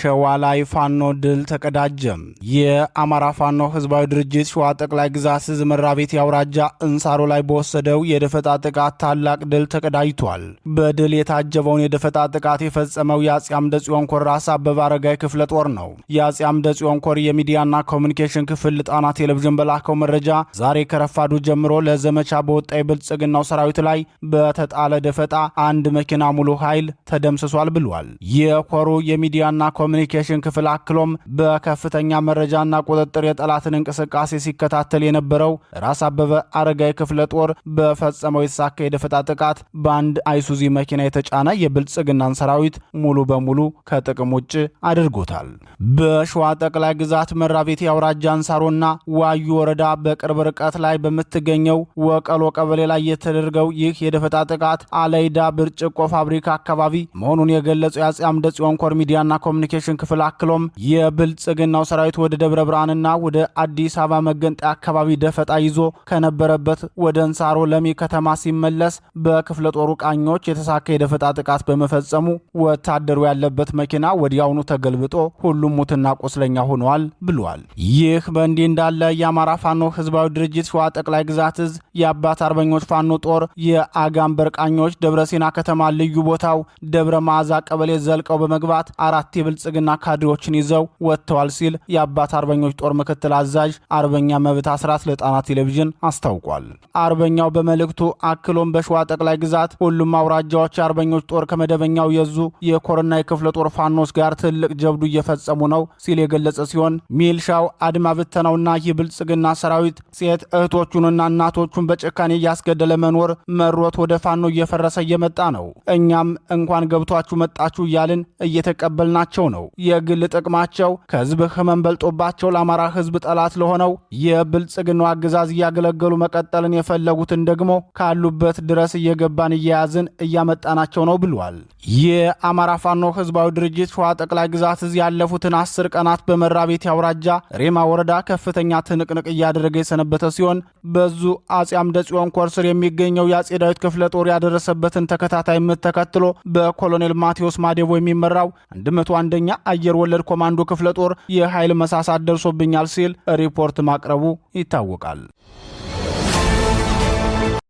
ሸዋ ላይ ፋኖ ድል ተቀዳጀም። የአማራ ፋኖ ህዝባዊ ድርጅት ሸዋ ጠቅላይ ግዛት ዕዝ መራቤት የአውራጃ እንሳሮ ላይ በወሰደው የደፈጣ ጥቃት ታላቅ ድል ተቀዳጅቷል። በድል የታጀበውን የደፈጣ ጥቃት የፈጸመው የአጼ አምደ ጽዮን ኮር ራስ አበበ አረጋይ ክፍለ ጦር ነው። የአጼ አምደ ጽዮን ኮር የሚዲያና ኮሚኒኬሽን ክፍል ጣና ቴሌቪዥን በላከው መረጃ ዛሬ ከረፋዱ ጀምሮ ለዘመቻ በወጣ የብልጽግናው ሰራዊት ላይ በተጣለ ደፈጣ አንድ መኪና ሙሉ ኃይል ተደምስሷል ብሏል። የኮሩ የሚዲያና ኮሚኒኬሽን ክፍል አክሎም በከፍተኛ መረጃና ቁጥጥር የጠላትን እንቅስቃሴ ሲከታተል የነበረው ራስ አበበ አረጋይ ክፍለ ጦር በፈጸመው የተሳካ የደፈጣ ጥቃት በአንድ አይሱዚ መኪና የተጫነ የብልጽግናን ሰራዊት ሙሉ በሙሉ ከጥቅም ውጭ አድርጎታል። በሸዋ ጠቅላይ ግዛት መራቤቴ አውራጃ አንሳሮና ዋዩ ወረዳ በቅርብ ርቀት ላይ በምትገኘው ወቀሎ ቀበሌ ላይ የተደረገው ይህ የደፈጣ ጥቃት አለይዳ ብርጭቆ ፋብሪካ አካባቢ መሆኑን የገለጸው የአጼ አምደ ጽዮን ኮር ሚዲያና ኮሚኒ ኮሚኒኬሽን ክፍል አክሎም የብልጽግናው ሰራዊት ወደ ደብረ ብርሃንና ወደ አዲስ አበባ መገንጠያ አካባቢ ደፈጣ ይዞ ከነበረበት ወደ እንሳሮ ለሚ ከተማ ሲመለስ በክፍለ ጦሩ ቃኞች የተሳካ የደፈጣ ጥቃት በመፈጸሙ ወታደሩ ያለበት መኪና ወዲያውኑ ተገልብጦ ሁሉም ሙትና ቆስለኛ ሆኗል ብሏል። ይህ በእንዲህ እንዳለ የአማራ ፋኖ ህዝባዊ ድርጅት ሸዋ ጠቅላይ ግዛት እዝ የአባት አርበኞች ፋኖ ጦር የአጋም በርቃኞች ደብረ ሲና ከተማ ልዩ ቦታው ደብረ መዓዛ ቀበሌ ዘልቀው በመግባት አራት የብልጽግና ካድሬዎችን ይዘው ወጥተዋል ሲል የአባት አርበኞች ጦር ምክትል አዛዥ አርበኛ መብት አስራት ለጣና ቴሌቪዥን አስታውቋል። አርበኛው በመልእክቱ አክሎም በሸዋ ጠቅላይ ግዛት ሁሉም አውራጃዎች የአርበኞች ጦር ከመደበኛው የዙ የኮርና የክፍለ ጦር ፋኖስ ጋር ትልቅ ጀብዱ እየፈጸሙ ነው ሲል የገለጸ ሲሆን ሚልሻው አድማ ብተናውና ይህ ብልጽግና ሰራዊት ሴት እህቶቹንና እናቶቹን በጭካኔ እያስገደለ መኖር መሮት ወደ ፋኖ እየፈረሰ እየመጣ ነው። እኛም እንኳን ገብቷችሁ መጣችሁ እያልን እየተቀበልናቸው መሆናቸው ነው። የግል ጥቅማቸው ከህዝብ ህመም በልጦባቸው ለአማራ ህዝብ ጠላት ለሆነው የብልጽግናው አገዛዝ እያገለገሉ መቀጠልን የፈለጉትን ደግሞ ካሉበት ድረስ እየገባን እያያዝን እያመጣናቸው ነው ብሏል። የአማራ ፋኖ ህዝባዊ ድርጅት ሸዋ ጠቅላይ ግዛት እዝ ያለፉትን አስር ቀናት በመራቤቴ አውራጃ ሬማ ወረዳ ከፍተኛ ትንቅንቅ እያደረገ የሰነበተ ሲሆን በዙ አጼ አምደ ጽዮን ኮር ስር የሚገኘው የአጼ ዳዊት ክፍለ ጦር ያደረሰበትን ተከታታይ ምት ተከትሎ በኮሎኔል ማቴዎስ ማዴቦ የሚመራው 101ኛ አየር ወለድ ኮማንዶ ክፍለ ጦር የኃይል መሳሳት ደርሶብኛል ሲል ሪፖርት ማቅረቡ ይታወቃል።